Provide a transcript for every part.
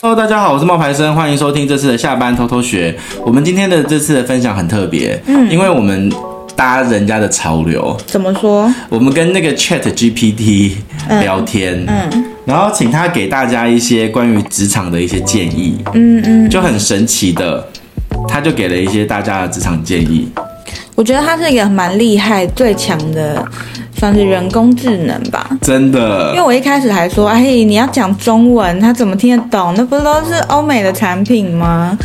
Hello，大家好，我是冒牌生，歡迎收聽這次的下班偷偷學。我們今天的這次的分享很特別，嗯，因為我們搭人家的潮流，怎麼說？我們跟那個 ChatGPT 聊天，嗯，嗯，然後請他給大家一些關於職場的一些建議，嗯嗯，就很神奇的，他就給了一些大家的職場建議。我覺得他是一個蠻厲害、最強的，算是人工智能吧。真的，因為我一開始還說，哎，你要講中文，他怎麼聽得懂？那不是都是歐美的產品嗎？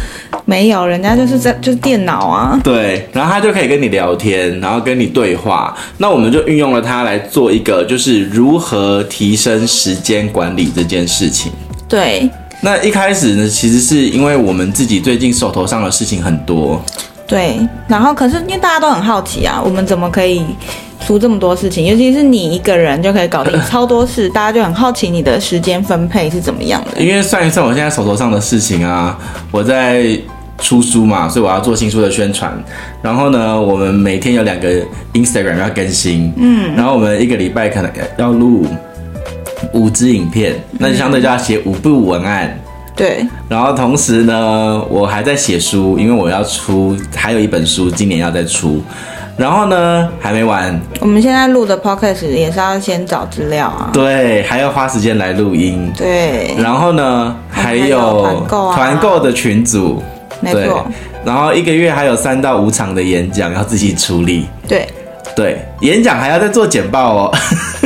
沒有，人家就是在就是電腦啊。對，然後他就可以跟你聊天，然後跟你對話。那我們就運用了它來做一個，就是如何提升時間管理這件事情。對，那一開始呢，其實是因為我們自己最近手頭上的事情很多。對，然後可是因為大家都很好奇啊，我們怎麼可以出這麼多事情？尤其是你一個人就可以搞定超多事， 大家就很好奇你的時間分配是怎麼樣的。因為算一算，我現在手頭上的事情啊，我在出書嘛，所以我要做新書的宣傳。然後呢，我們每天有兩個 Instagram 要更新，嗯，然後我們一個禮拜可能要錄五支影片，那就相對就要寫五部文案。嗯嗯對，然後同時呢，我還在寫書，因為我要出，還有一本書今年要再出，然後呢還沒完。我們現在錄的 podcast 也是要先找資料啊，對，還要花時間來錄音，對，然後呢還有，還有團購啊，團購的群組，對，沒錯，然後一個月還有三到五場的演講要自己處理，對，對，演講還要再做簡報哦。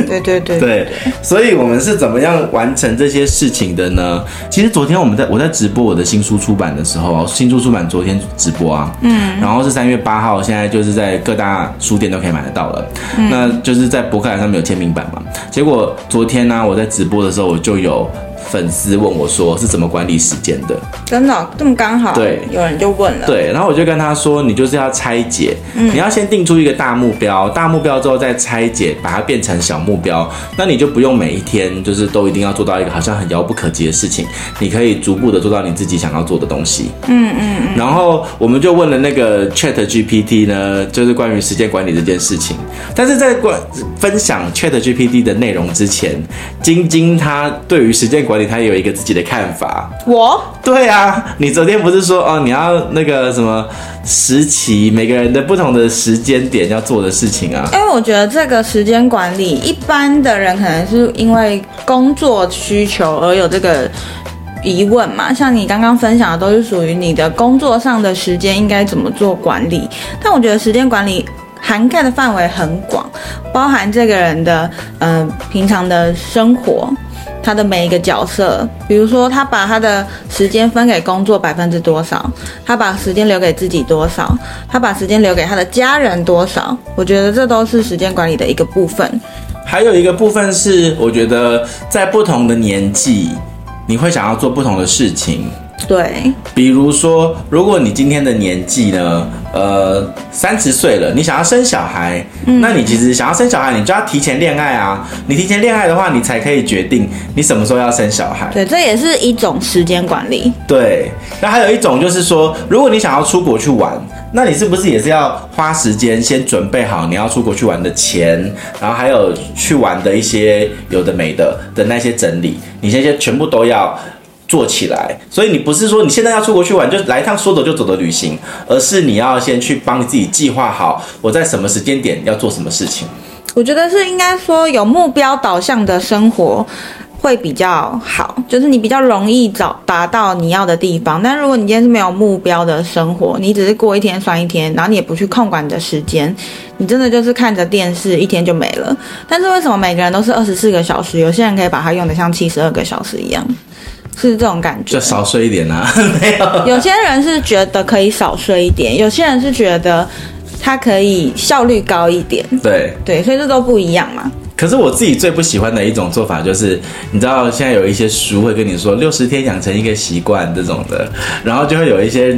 對，對對對對，所以我們是怎麼樣完成這些事情的呢？其實昨天我們在我在直播我的新書出版的時候，新書出版昨天直播啊，嗯，然後是三月八號，現在就是在各大書店都可以買得到了，嗯、那就是在博客來上面有簽名版嘛，結果昨天呢、啊，我在直播的時候我就有。粉絲問我說：“是怎麼管理時間的？”真的喔，這麼剛好？對，有人就問了。對，然後我就跟他說：“你就是要拆解、嗯，你要先定出一個大目標，大目標之後再拆解，把它變成小目標。那你就不用每一天就是都一定要做到一個好像很遙不可及的事情，你可以逐步的做到你自己想要做的東西。嗯”嗯嗯。然後我們就問了那個 ChatGPT 呢，就是關於時間管理這件事情。但是在關分享 ChatGPT 的內容之前，晶晶她對於時間管理他有一個自己的看法。我對啊，你昨天不是說哦，你要那個什麼時期每個人的不同的時間點要做的事情啊？因為我覺得這個時間管理，一般的人可能是因為工作需求而有這個疑問嘛。像你剛剛分享的，都是屬於你的工作上的時間應該怎麼做管理。但我覺得時間管理涵蓋的範圍很廣，包含這個人的嗯、呃、平常的生活。他的每一個角色，比如說，他把他的時間分給工作百分之多少，他把時間留給自己多少，他把時間留給他的家人多少，我覺得這都是時間管理的一個部分。還有一個部分是，我覺得在不同的年紀，你會想要做不同的事情。對，比如說，如果你今天的年紀呢，呃，三十歲了，你想要生小孩，嗯，那你其實想要生小孩，你就要提前戀愛啊。你提前戀愛的話，你才可以決定你什麼時候要生小孩。對，這也是一種時間管理。對，那還有一種就是說，如果你想要出國去玩，那你是不是也是要花時間先準備好你要出國去玩的錢，然後還有去玩的一些有的沒的的那些整理，你這些全部都要做起來，所以你不是說你現在要出國去玩，就來一趟說走就走的旅行，而是你要先去幫你自己計劃好，我在什麼時間點要做什麼事情。我覺得是應該說有目標導向的生活會比較好，就是你比較容易找達到你要的地方。但如果你今天是沒有目標的生活，你只是過一天算一天，然後你也不去控管你的時間，你真的就是看着電視一天就沒了。但是為什麼每個人都是二十四個小時，有些人可以把它用得像七十二個小時一樣？是這種感覺，就少睡一點啊，沒有，有些人是覺得可以少睡一點，有些人是覺得他可以效率高一點。對，對，所以這都不一樣嘛。可是我自己最不喜歡的一種做法就是，你知道現在有一些書會跟你說六十天養成一個習慣這種的，然後就會有一些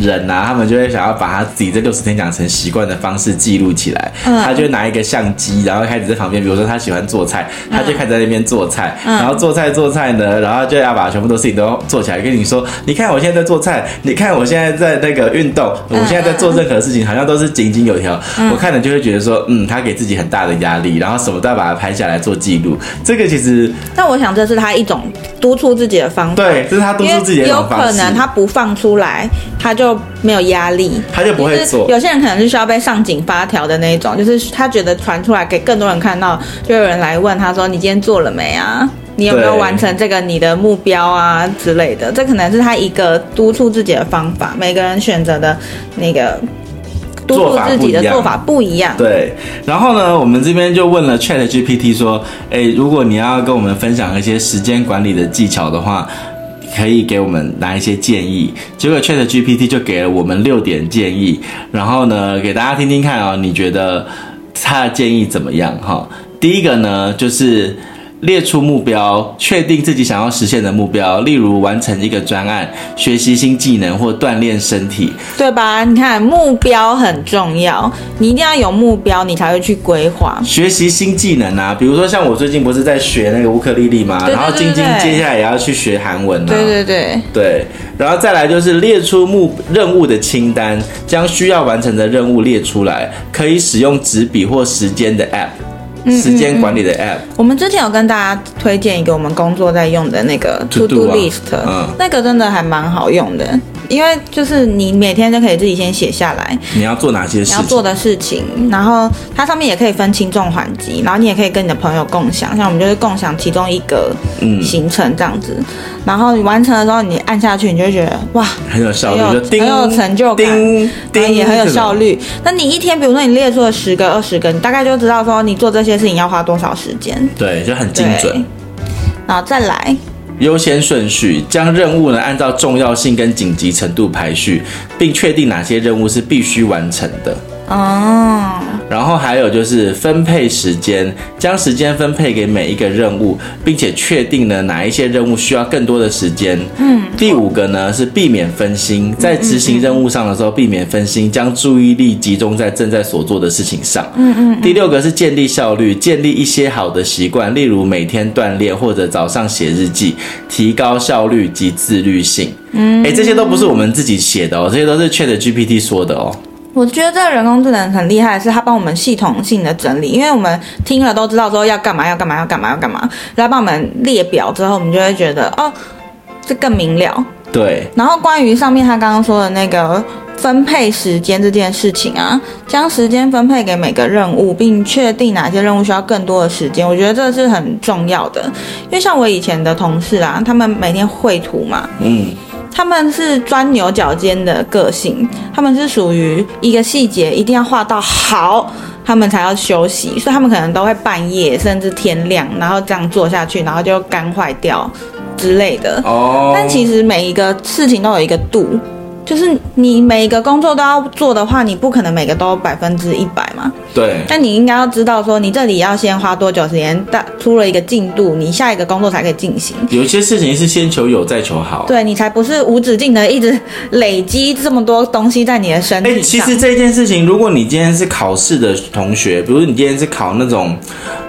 人吶、啊，他們就會想要把他自己這六十天養成習慣的方式記錄起來，他就會拿一個相機，然後開始在旁邊，比如說他喜歡做菜，他就開始在那邊做菜，然後做菜做菜呢，然後就要把全部的事情都做起來，跟你說，你看我現在在做菜，你看我現在在那個運動，我現在在做任何事情，好像都是井井有條，我看了就會覺得說，嗯，他給自己很大的壓力，然後什麼都要把。把它拍下來做記錄，這個其實……但我想這是他一種督促自己的方法。對，這是他督促自己的方法。因為有可能他不放出來，他就沒有壓力，他就不會做。就是、有些人可能是需要被上緊發條的那一種，就是他覺得傳出來給更多人看到，就有人來問他說：“你今天做了沒啊？你有沒有完成這個你的目標啊之類的？”這可能是他一個督促自己的方法。每個人選擇的那個。做法不一樣，自己的做法不一樣，對。然後呢，我們這邊就問了 ChatGPT，說：“哎，如果你要跟我們分享一些時間管理的技巧的話，可以給我們拿一些建議。”結果 ChatGPT 就給了我們六點建議。然後呢，給大家聽聽看啊、哦，你覺得他的建議怎麼樣、哦？哈，第一個呢，就是。列出目標，確定自己想要實現的目標，例如完成一個專案、學習新技能或鍛鍊身體，對吧？你看目標很重要，你一定要有目標，你才會去規劃學習新技能啊。比如說像我最近不是在學那個烏克麗麗嗎對對對對對對？然後晶晶接下來也要去學韓文啊，對對對對,對。然後再來就是列出目任務的清單，將需要完成的任務列出來，可以使用紙筆或時間的 app。嗯嗯時間管理的 App，我們之前有跟大家推薦一個，我們工作在用的那個 To Do List、嗯、那個真的還蠻好用的。因為就是你每天都可以自己先寫下來，你要做哪些事情，你要做的事情，然後它上面也可以分輕重緩急，然後你也可以跟你的朋友共享。像我們就是共享其中一個行程這樣子。嗯，然後你完成的時候，你按下去，你就覺得哇，很有效率，有很有成就感，然後也很有效率。那、這個、你一天，比如說你列出了十個、二十個，你大概就知道說你做這些事情要花多少時間。對，就很精準。然後再來。優先順序，將任務呢，按照重要性跟緊急程度排序，並確定哪些任務是必須完成的。哦、oh.，然後還有就是分配時間，將時間分配給每一個任務，並且確定了哪一些任務需要更多的時間。嗯，第五個呢是避免分心，在執行任務上的時候避免分心，將注意力集中在正在所做的事情上。嗯，嗯嗯。第六個是建立效率，建立一些好的習慣，例如每天鍛鍊或者早上寫日記，提高效率及自律性。嗯，嗯誒，這些都不是我們自己寫的哦，這些都是 ChatGPT 說的哦。我覺得這個人工智能很厲害，是它幫我們系統性的整理，因為我們聽了都知道之後要幹嘛，要幹嘛，要幹嘛，要幹嘛。然後幫我們列表之後，我們就會覺得哦，這更明了。對。然後關於上面他剛剛說的那個分配時間這件事情啊，將時間分配給每個任務，並確定哪些任務需要更多的時間，我覺得這是很重要的。因為像我以前的同事啊，他們每天繪圖嘛，嗯。他們是鑽牛角尖的個性，他們是屬於一個細節一定要畫到好，他們才要休息，所以他們可能都會半夜甚至天亮，然後這樣做下去，然後就干壞掉之類的。Oh. 但其實每一個事情都有一個度，就是你每一個工作都要做的話，你不可能每個都百分之一百嘛。對，那你應該要知道說，你這裡要先花多久時間，但出了一個進度，你下一個工作才可以進行。有一些事情是先求有，再求好。對，你才不是無止境的一直累積這麼多東西在你的身體上。哎、欸，其實這件事情，如果你今天是考試的同學，比如你今天是考那種，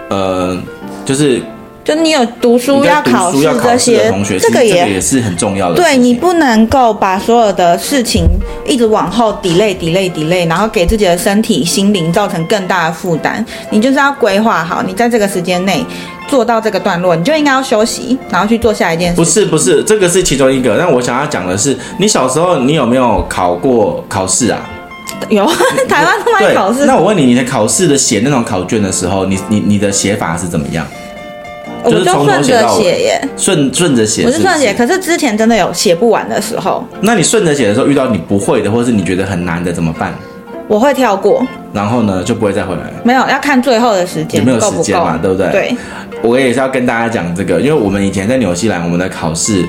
呃，就是。就你有讀書，讀書要考試這些要考試的同學，這個也這個也是很重要的，對你不能夠把所有的事情一直往後 delay delay delay，然後給自己的身體心靈造成更大的負擔。你就是要規劃好，你在這個時間內做到這個段落，你就應該要休息，然後去做下一件事。不是不是，這個是其中一個。那我想要講的是，你小時候你有沒有考過考試啊？有，台灣都愛考試。那我問你，你的考試的寫那種考卷的時候，你你你的寫法是怎麼樣？就是從頭寫到尾，我就順著寫耶，順順着寫。我是順寫，可是之前真的有寫不完的時候。那你順着寫的時候，遇到你不會的，或是你覺得很難的，怎麼辦？我會跳過。然後呢，就不會再回來。沒有，要看最後的時間。有沒有時間嘛？對不對？對。我也是要跟大家講這個，因為我們以前在紐西蘭，我們的考試。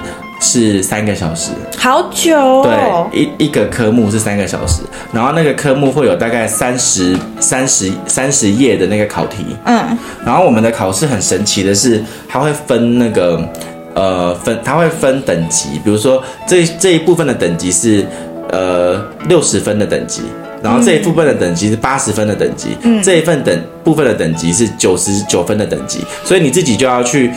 是三個小時，好久哦。對，一一個科目是三個小時，然後那個科目會有大概三十三十三十頁的那個考題。嗯，然後我們的考試很神奇的是，它會分那個呃分，它會分等級，比如說這這一部分的等級是呃六十分的等級，然後這一部分的等級是八十分的等級，嗯，這一份等部分的等級是九十九分的等級，所以你自己就要去。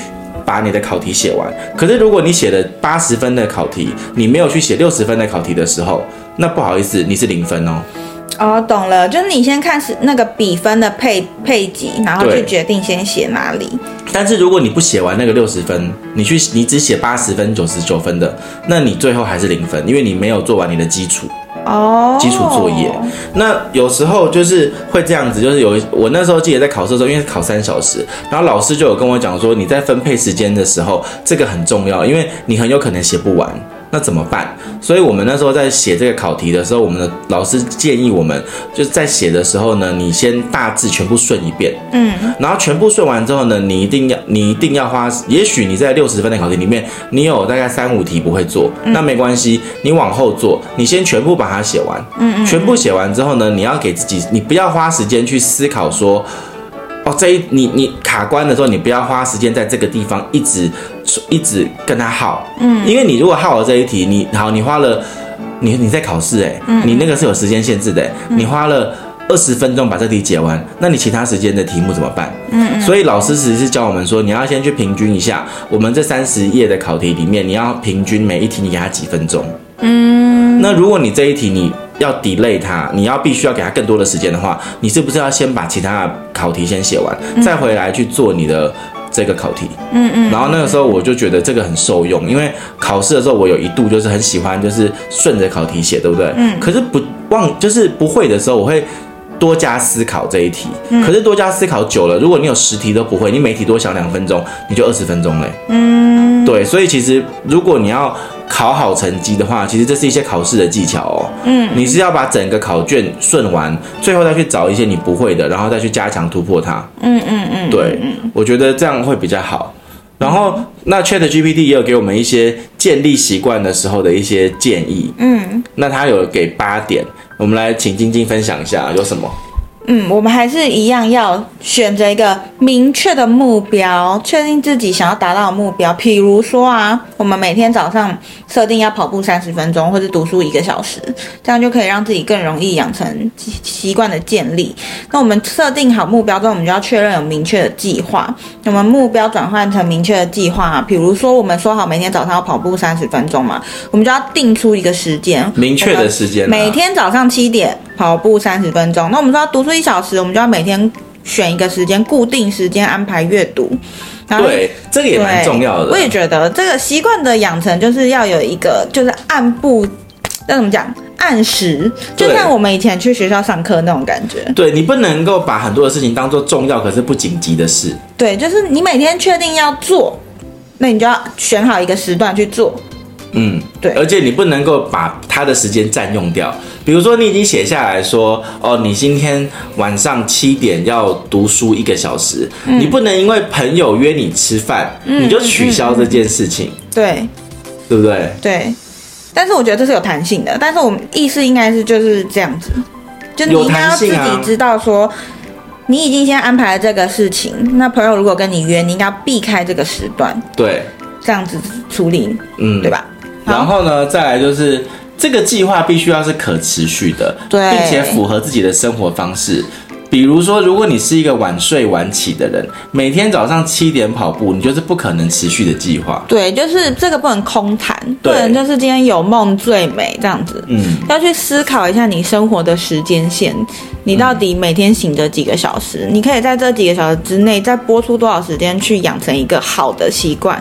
把你的考題寫完。可是，如果你寫了八十分的考題，你沒有去寫六十分的考題的時候，那不好意思，你是零分哦。哦、oh，懂了，就是你先看是那個比分的配配集，然後就決定先寫哪裡。但是如果你不寫完那個六十分，你去你只寫八十分，九十九分的，那你最後還是零分，因為你沒有做完你的基礎哦，oh，基礎作業。那有時候就是會這樣子，就是有一我那時候記得在考試的時候，因為考三小時，然後老師就有跟我講說，你在分配時間的時候，這個很重要，因為你很有可能寫不完。那怎麼辦？所以我們那時候在寫這個考題的時候，我們的老師建議我們，就在寫的時候呢，你先大致全部順一遍，嗯，然後全部順完之後呢，你一定要，你一定要花，也許你在六十分的考題裡面，你有大概三五題不會做，嗯、那沒關係，你往後做，你先全部把它寫完，嗯嗯，嗯嗯，全部寫完之後呢，你要給自己，你不要花時間去思考說，哦，這一你你卡關的時候，你不要花時間在這個地方一直。一直跟他耗，嗯，因為你如果耗了這一題，你好，你花了，你你在考試誒、欸嗯，你那個是有時間限制的、欸嗯，你花了二十分鐘把這題解完，那你其他時間的題目怎麼辦？嗯，所以老師其實是教我們說，你要先去平均一下，我們這三十頁的考題裡面，你要平均每一題你給他幾分鐘，嗯，那如果你這一題你要 delay 它，你要必須要給他更多的時間的話，你是不是要先把其他的考題先寫完、嗯，再回來去做你的？這個考題，嗯嗯，然後那個時候我就覺得這個很受用，因為考試的時候我有一度就是很喜歡就是順着考題寫，對不對？嗯。可是不忘就是不會的時候，我會多加思考這一題。嗯。可是多加思考久了，如果你有十題都不會，你每題多想兩分鐘，你就二十分鐘嘞。嗯。對，所以其實如果你要考好成績的話，其實這是一些考試的技巧哦。嗯，你是要把整個考卷順完，最後再去找一些你不會的，然後再去加強突破它。嗯嗯嗯，對，我覺得這樣會比較好。然後那 ChatGPT 也有給我們一些建立習慣的時候的一些建議。嗯，那他有給八點，我們來請晶晶分享一下有什麼。嗯，我們還是一樣要選擇一個明確的目標，確定自己想要達到的目標。比如說啊，我們每天早上設定要跑步三十分鐘，或者讀書一個小時，這樣就可以讓自己更容易養成習慣的建立。那我們設定好目標之後，我們就要確認有明確的計劃。我們目標轉換成明確的計劃啊，比如說我們說好每天早上要跑步三十分鐘嘛，我們就要定出一個時間，明確的時間啊，每天早上七點。跑步三十分鐘，那我們說要讀書一小時，我們就要每天選一個時間，固定時間安排閱讀。對，這個也蠻重要的。我也覺得這個習慣的養成就是要有一個，就是按部，那怎麼講？按時，就像我們以前去學校上課那種感覺。對，對你不能夠把很多的事情當做重要可是不緊急的事。對，就是你每天確定要做，那你就要選好一個時段去做。嗯，對。而且你不能夠把他的時間佔用掉。比如說，你已經寫下來說，哦，你今天晚上七點要讀書一個小時，嗯、你不能因為朋友約你吃飯，嗯、你就取消這件事情，嗯，對，對不對？對。但是我覺得這是有彈性的，但是我們意思應該是就是這樣子，就你應該要自己知道說，啊、你已經先安排了這個事情，那朋友如果跟你約，你應該要避開這個時段，對，這樣子處理，嗯，對吧？然後呢，再來就是。這個計劃必須要是可持續的，對，並且符合自己的生活方式。比如說，如果你是一個晚睡晚起的人，每天早上七點跑步，你就是不可能持續的計劃。對，就是這個不能空談，對，不能就是今天有夢最美這樣子。嗯，要去思考一下你生活的時間線，你到底每天醒着幾個小時？嗯，你可以在這幾個小時之內，再撥出多少時間去養成一個好的習慣，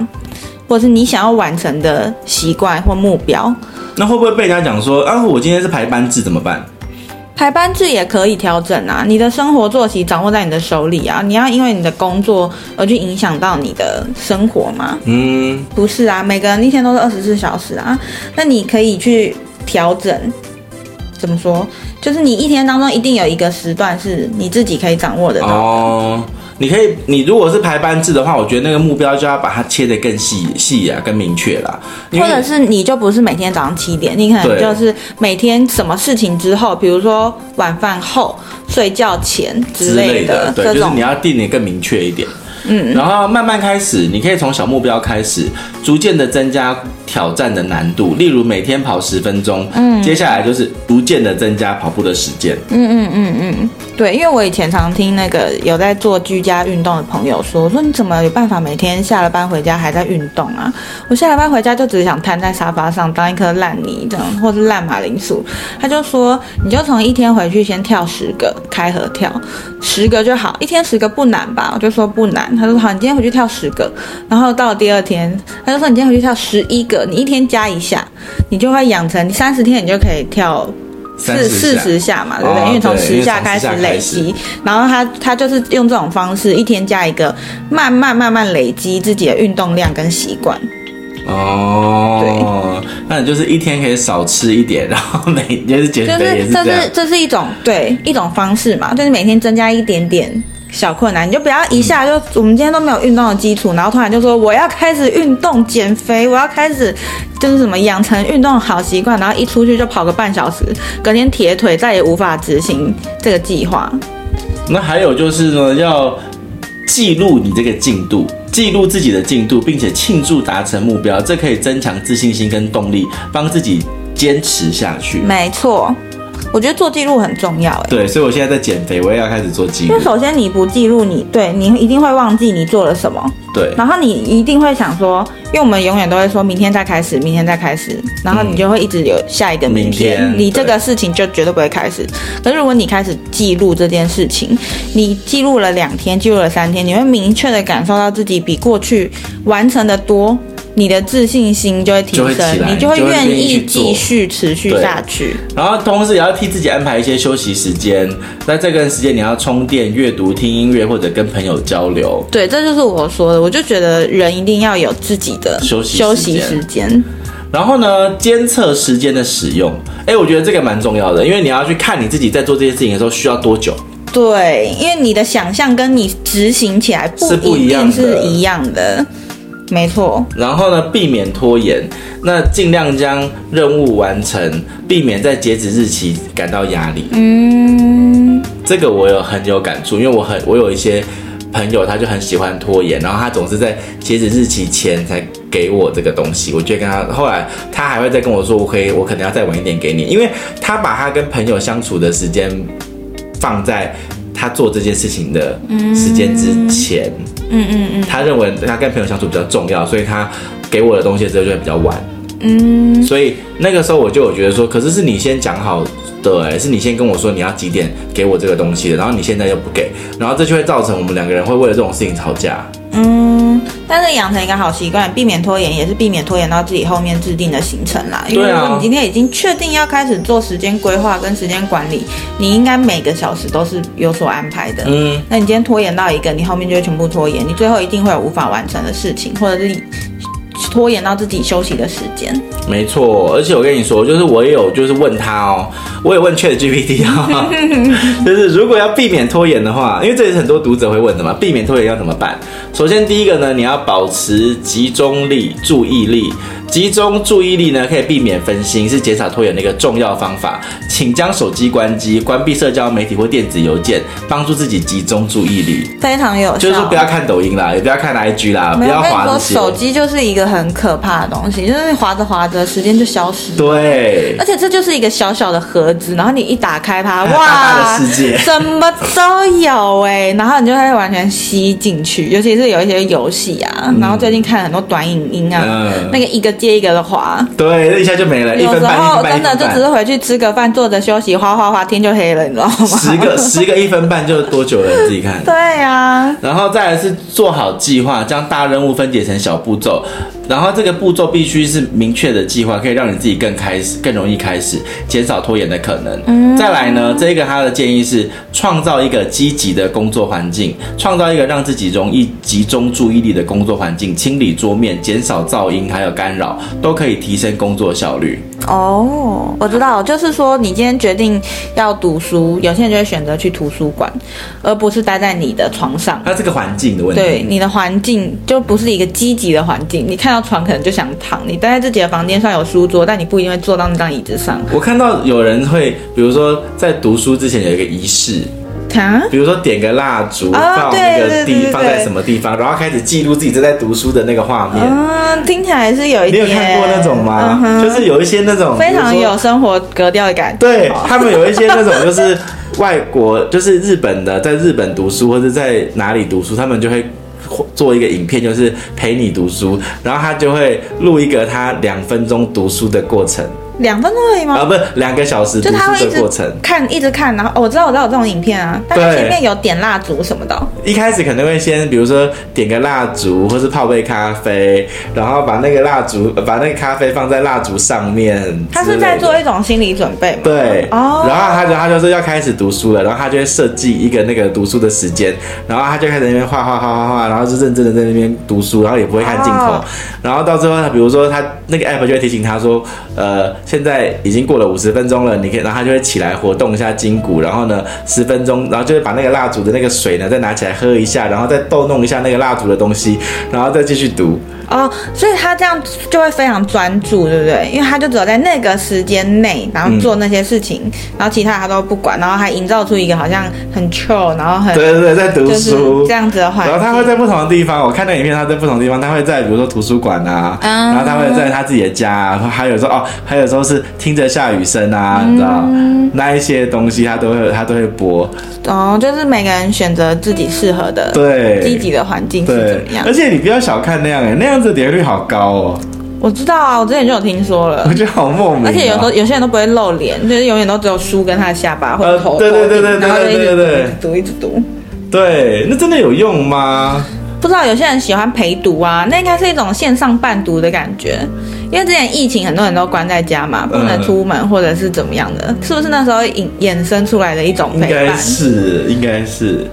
或者是你想要完成的習慣或目標。那會不會被人家講說啊，我今天是排班制，怎麼辦？排班制也可以調整啊！你的生活作息掌握在你的手裡啊！你要因為你的工作而去影響到你的生活嗎？嗯，不是啊，每個人一天都是二十四小時啊。那你可以去調整，怎麼說？就是你一天當中一定有一個時段是你自己可以掌握的。哦。你可以，你如果是排班制的話，我覺得那個目標就要把它切得更細細啊，更明確啦。或者是你就不是每天早上七點，你可能就是每天什麼事情之後，比如說晚飯後、睡覺前之類的。之類的對，就是你要定得更明確一點。嗯。然後慢慢開始，你可以從小目標開始，逐漸的增加挑戰的難度。例如每天跑十分鐘，嗯，接下來就是逐漸的增加跑步的時間。嗯嗯嗯嗯。嗯對，因為我以前常聽那個有在做居家運動的朋友說，我說你怎麼有辦法每天下了班回家還在運動啊？我下了班回家就只想癱在沙發上當一顆爛泥這樣，或是爛馬鈴薯。他就說，你就從一天回去先跳十個開合跳，十個就好，一天十個不難吧？我就說不難。他說好，你今天回去跳十個。然後到了第二天，他就說你今天回去跳十一個，你一天加一下，你就會養成，你三十天你就可以跳。四四十下嘛，對不對？哦、對，因為從十下開始累積，然後他他就是用這種方式，一天加一個，慢慢慢慢累積自己的運動量跟習慣。哦，對。那你就是一天可以少吃一點，然後每就是減。就是這是這是一種，對，一種方式嘛，就是每天增加一點點。小困難你就不要一下就。我們今天都沒有運動的基礎，然後突然就說我要開始運動減肥，我要開始就是什麼養成運動好習慣，然後一出去就跑個半小時，隔天鐵腿再也無法執行這個計劃。那還有就是呢，要記錄你這個進度，記錄自己的進度，並且慶祝達成目標，這可以增強自信心跟動力，幫自己堅持下去。沒錯。我覺得做記錄很重要，欸，哎。對，所以我現在在減肥，我也要開始做記錄。因為首先你不記錄，你對你一定會忘記你做了什麼。對。然後你一定會想說，因為我們永遠都會說明天再開始，明天再開始，然後你就會一直有下一個明天，明天，你這個事情就絕對不會開始。可是如果你開始記錄這件事情，你記錄了兩天，記錄了三天，你會明確的感受到自己比過去完成得多。你的自信心就會提升，你就會願意繼續持續下去，續續下去。然後同時也要替自己安排一些休息時間，在這段時間你要充電、閱讀、聽音樂或者跟朋友交流。對，這就是我說的，我就覺得人一定要有自己的休息休息時間。然後呢，監測時間的使用，誒、欸，我覺得這個蠻重要的，因為你要去看你自己在做這些事情的時候需要多久。對，因為你的想象跟你執行起來不是不一樣，是一樣的。 沒錯，然後呢，避免拖延，那盡量將任務完成，避免在截止日期感到壓力。嗯，這個我有很有感觸，因為我很我有一些朋友，他就很喜歡拖延，然後他總是在截止日期前才給我這個東西。我覺得跟他後來，他還會再跟我說，OK，嗯，我可能要再晚一點給你，因為他把他跟朋友相處的時間放在他做這件事情的時間之前。嗯嗯嗯嗯，他認為他跟朋友相處比較重要，所以他給我的東西的時候就會比較晚。嗯，所以那個時候我就有覺得說，可是是你先講好的，欸，哎，是你先跟我說你要幾點給我這個東西的，然後你現在又不給，然後這就會造成我們兩個人會為了這種事情吵架。嗯。但是養成一個好習慣，避免拖延，也是避免拖延到自己後面制定的行程啦。因為如果你今天已經確定要開始做時間規劃跟時間管理，你應該每個小時都是有所安排的。嗯，那你今天拖延到一個，你後面就會全部拖延，你最後一定會有無法完成的事情，或者是。拖延到自己休息的時間，沒錯。而且我跟你說，就是我也有就是問他哦、喔，我也問 ChatGPT 啊、喔， 就是如果要避免拖延的話，因為這也是很多讀者會問的嘛，避免拖延要怎麼辦？首先第一個呢，你要保持集中力、注意力，集中注意力呢可以避免分心，是減少拖延的一個重要方法。請將手機關機，關閉社交媒體或電子郵件，幫助自己集中注意力，非常有效。就是不要看抖音啦，也不要看 IG 啦，不要滑手機就是一個很。很可怕的東西，就是你劃着劃着，時間就消失。對，而且這就是一個小小的盒子，然後你一打開它，哇，世界，什麼都有哎、欸，然後你就會完全吸進去，尤其是有一些遊戲啊、嗯，然後最近看了很多短影音啊、嗯，那個一個接一個的滑，對，那一下就沒了，一分半，有時候真的就只是回去吃個飯，坐着休息，滑滑滑，天就黑了，你知道嗎？十個，十個一分半就多久了？你自己看。對呀、啊，然後再來是做好計劃，將大任務分解成小步驟。然後這個步驟必須是明確的計劃，可以讓你自己更開始，更容易開始，減少拖延的可能。再來呢，這個他的建議是創造一個積極的工作環境，創造一個讓自己容易集中注意力的工作環境，清理桌面，減少噪音還有干擾，都可以提升工作效率。哦，我知道，就是說你今天決定要讀書，有些人就會選擇去圖書館，而不是待在你的床上。那這個環境的問題，對，你的環境就不是一個積極的環境。你看到床可能就想躺，你待在自己的房間，雖然有書桌，但你不一定會坐到那張椅子上。我看到有人會，比如說在讀書之前有一個儀式。啊，比如說點個蠟燭到那個地、啊、放在什麼地方，然後開始記錄自己正在讀書的那個畫面。嗯、啊，聽起來是有一點。你有看過那種嗎、嗯？就是有一些那種非常有生活格調的感覺。哦、對他們有一些那種，就是外國， 就是日本的，在日本讀書或者在哪裡讀書，他們就會做一個影片，就是陪你讀書，然後他就會錄一個他兩分鐘讀書的過程。兩分鐘而已嗎？啊，不是兩個小時過，就他會一直看，一直看，然後，哦，我知道，我知道有這種影片啊，但是前面有點蠟燭什麼的。一開始可能會先，比如說點個蠟燭，或是泡杯咖啡，然後把那個蠟燭，把那個咖啡放在蠟燭上面。他是在做一種心理準備。對，oh. 然後他，就，他就是要開始讀書了，然後他就會設計一個那個讀書的時間，然後他就開始在那邊畫畫畫畫畫，然後就認真的在那邊讀書，然後也不會看鏡頭，oh. 然後到最後，他比如說他那個 app 就會提醒他說，呃。現在已經過了五十分鐘了，你可以，然後他就會起來活動一下筋骨，然後呢，十分鐘，然後就會把那個蠟燭的那個水呢，再拿起來喝一下，然後再逗弄一下那個蠟燭的東西，然後再繼續讀。哦，所以他這樣就會非常專注，對不對？因為他就只有在那個時間內，然後做那些事情、嗯，然後其他他都不管，然後還營造出一個好像很 chill，然後很對對對，在讀書、就是、這樣子的環境，然後他會在不同的地方，我看那影片，他在不同的地方，他會在比如說圖書館啊、嗯，然後他會在他自己的家、啊，還有時候哦，還有時候是聽着下雨聲啊、嗯，你知道，那一些東西他都會他都會播。哦，就是每個人選擇自己適合的對積極的環境是怎麼樣，而且你不要小看那樣、欸，哎，那樣。這個點擊率好高哦！我知道啊，我之前就有聽說了。我覺得好莫名、啊、而且有時候有些人都不會露臉，就是永遠都只有書跟他的下巴或者頭、呃。對對對，然後就一直讀一直讀。對，那真的有用嗎？不知道，有些人喜歡陪讀啊，那應該是一種線上伴讀的感覺。因為之前疫情，很多人都關在家嘛，不能出門或者是怎麼樣的，嗯、是不是那時候引衍生出來的一種陪伴？是，應該是。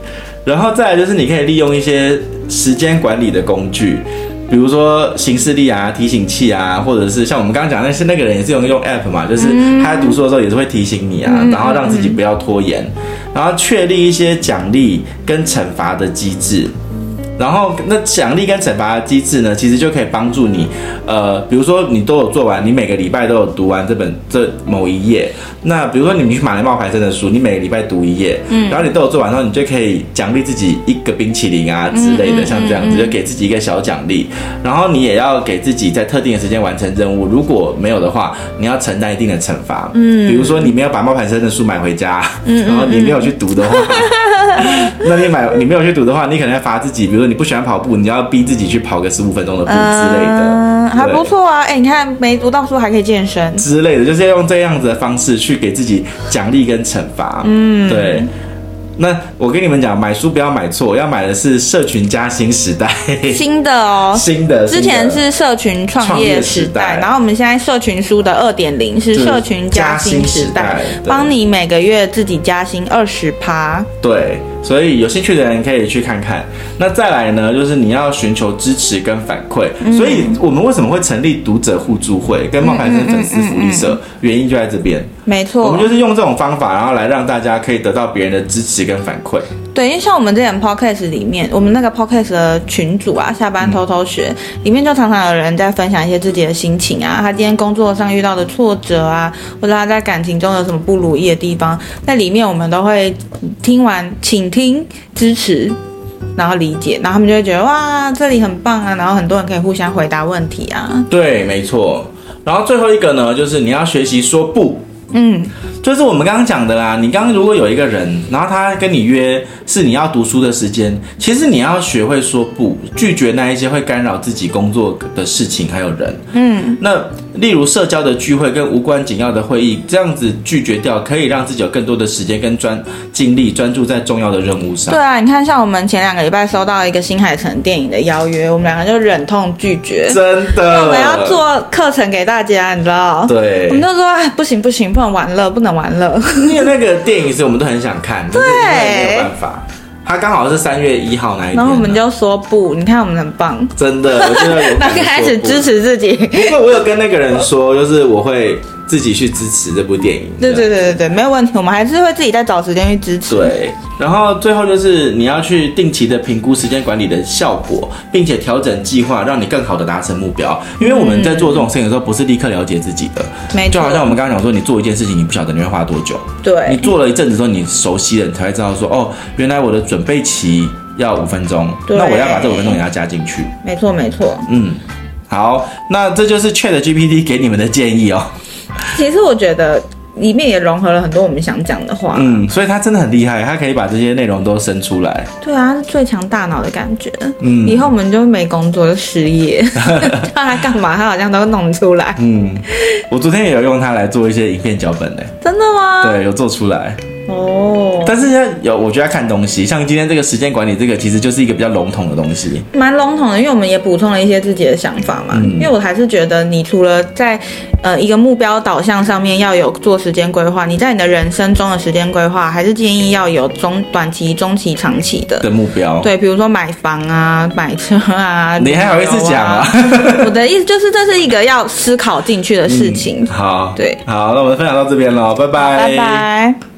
然後再來就是你可以利用一些時間管理的工具。比如說，行事曆啊、提醒器啊，或者是像我們剛剛講，那是那個人也是用用 app 嘛，就是他在讀書的時候也是會提醒你啊，然後讓自己不要拖延，然後確立一些獎勵跟懲罰的機制。然後那獎勵跟懲罰的機制呢，其實就可以幫助你，呃，比如說你都有做完，你每個禮拜都有讀完這本這某一頁。那比如說你去買了冒牌生的書，你每個禮拜讀一頁，嗯、然後你都有做完，之後你就可以獎勵自己一個冰淇淋啊之類的，像這樣子就給自己一個小獎勵、嗯嗯嗯。然後你也要給自己在特定的時間完成任務，如果沒有的話，你要承擔一定的懲罰。嗯，比如說你沒有把冒牌生的書買回家、嗯，然後你沒有去讀的話，嗯嗯、 那你買你沒有去讀的話，你可能要罰自己，比如。你不喜歡跑步，你要逼自己去跑個十五分鐘的步之類的，嗯、呃，還不錯啊！哎，你看沒讀到書還可以健身之類的，就是要用這樣子的方式去給自己獎勵跟懲罰。嗯，對。那我跟你們講，買書不要買錯，要買的是《社群加薪時代》新的哦， 新的。之前是社群創業時代，時代，然後我們現在社群書的二點零是社群加薪時代，時代，幫你每個月自己加薪二十趴。對。所以有興趣的人可以去看看。那再來呢，就是你要尋求支持跟反饋、嗯。所以，我們為什麼會成立讀者互助會跟冒牌生粉絲福利社？原因就在這邊。沒錯，我們就是用這種方法，然後來讓大家可以得到別人的支持跟反饋。對，因為像我們這點 podcast 裡面，我們那個 podcast 的群組啊，下班偷偷學、嗯、裡面，就常常有人在分享一些自己的心情啊，他今天工作上遇到的挫折啊，或者他在感情中有什麼不如意的地方，在裡面我們都會聽完，請。聽支持，然後理解，然後他們就會覺得哇，這裡很棒啊，然後很多人可以互相回答問題啊。對，沒錯。然後最後一個呢，就是你要學習說不。嗯，就是我們剛剛講的啦。你剛剛如果有一個人，然後他跟你約。是你要讀書的時間，其實你要學會說不，拒絕那一些會干擾自己工作的事情還有人，嗯，那例如社交的聚會跟無關緊要的會議，這樣子拒絕掉，可以讓自己有更多的時間跟專精力專注在重要的任務上。對啊，你看像我們前兩個禮拜收到一個新海誠電影的邀約，我們兩個就忍痛拒絕，真的，那我們要做課程給大家，你知道？對，我們就說不行不行，不行，不能玩樂，不能玩樂。因為那個電影是我們都很想看，對，沒有辦法。他剛好是三月一號那一天啊，然後我們就說不，你看我們很棒，真的，我就，剛 開始支持自己，因為我有跟那個人說，就是我會。自己去支持這部電影。對對對對對，沒有問題。我們還是會自己再找時間去支持。對。然後最後就是你要去定期的評估時間管理的效果，並且調整計劃，讓你更好的達成目標。因為我們在做這種事情的時候，不是立刻了解自己的。沒錯，嗯。就好像我們剛剛講說，你做一件事情，你不曉得你會花多久。對。你做了一陣子之後，你熟悉了，你才會知道說，哦，原來我的準備期要五分鐘。對，那我要把這五分鐘也要加進去。沒錯，沒錯。嗯。好，那這就是 ChatGPT 給你們的建議哦。其實我覺得裡面也融合了很多我們想講的話，嗯，所以他真的很厲害，他可以把這些內容都生出來。對啊，他是最強大腦的感覺，嗯，以後我們就沒工作就失業， 叫他幹嘛他好像都弄出來，嗯，我昨天也有用它來做一些影片腳本嘞，欸，真的嗎？對，有做出來。哦、oh，但是要有，我覺得要看東西，像今天這個時間管理，這個其實就是一個比較籠統的東西，蠻籠統的，因為我們也補充了一些自己的想法嘛。嗯、因為我還是覺得，你除了在呃一個目標導向上面要有做時間規劃，你在你的人生中的時間規劃，還是建議要有中、嗯、短期、中期、長期的的目標。對，比如說買房啊、買車啊，你還好意思講啊？ 我的意思就是，這是一個要思考進去的事情、嗯。好，對，好，那我們分享到這邊了，拜拜，拜拜。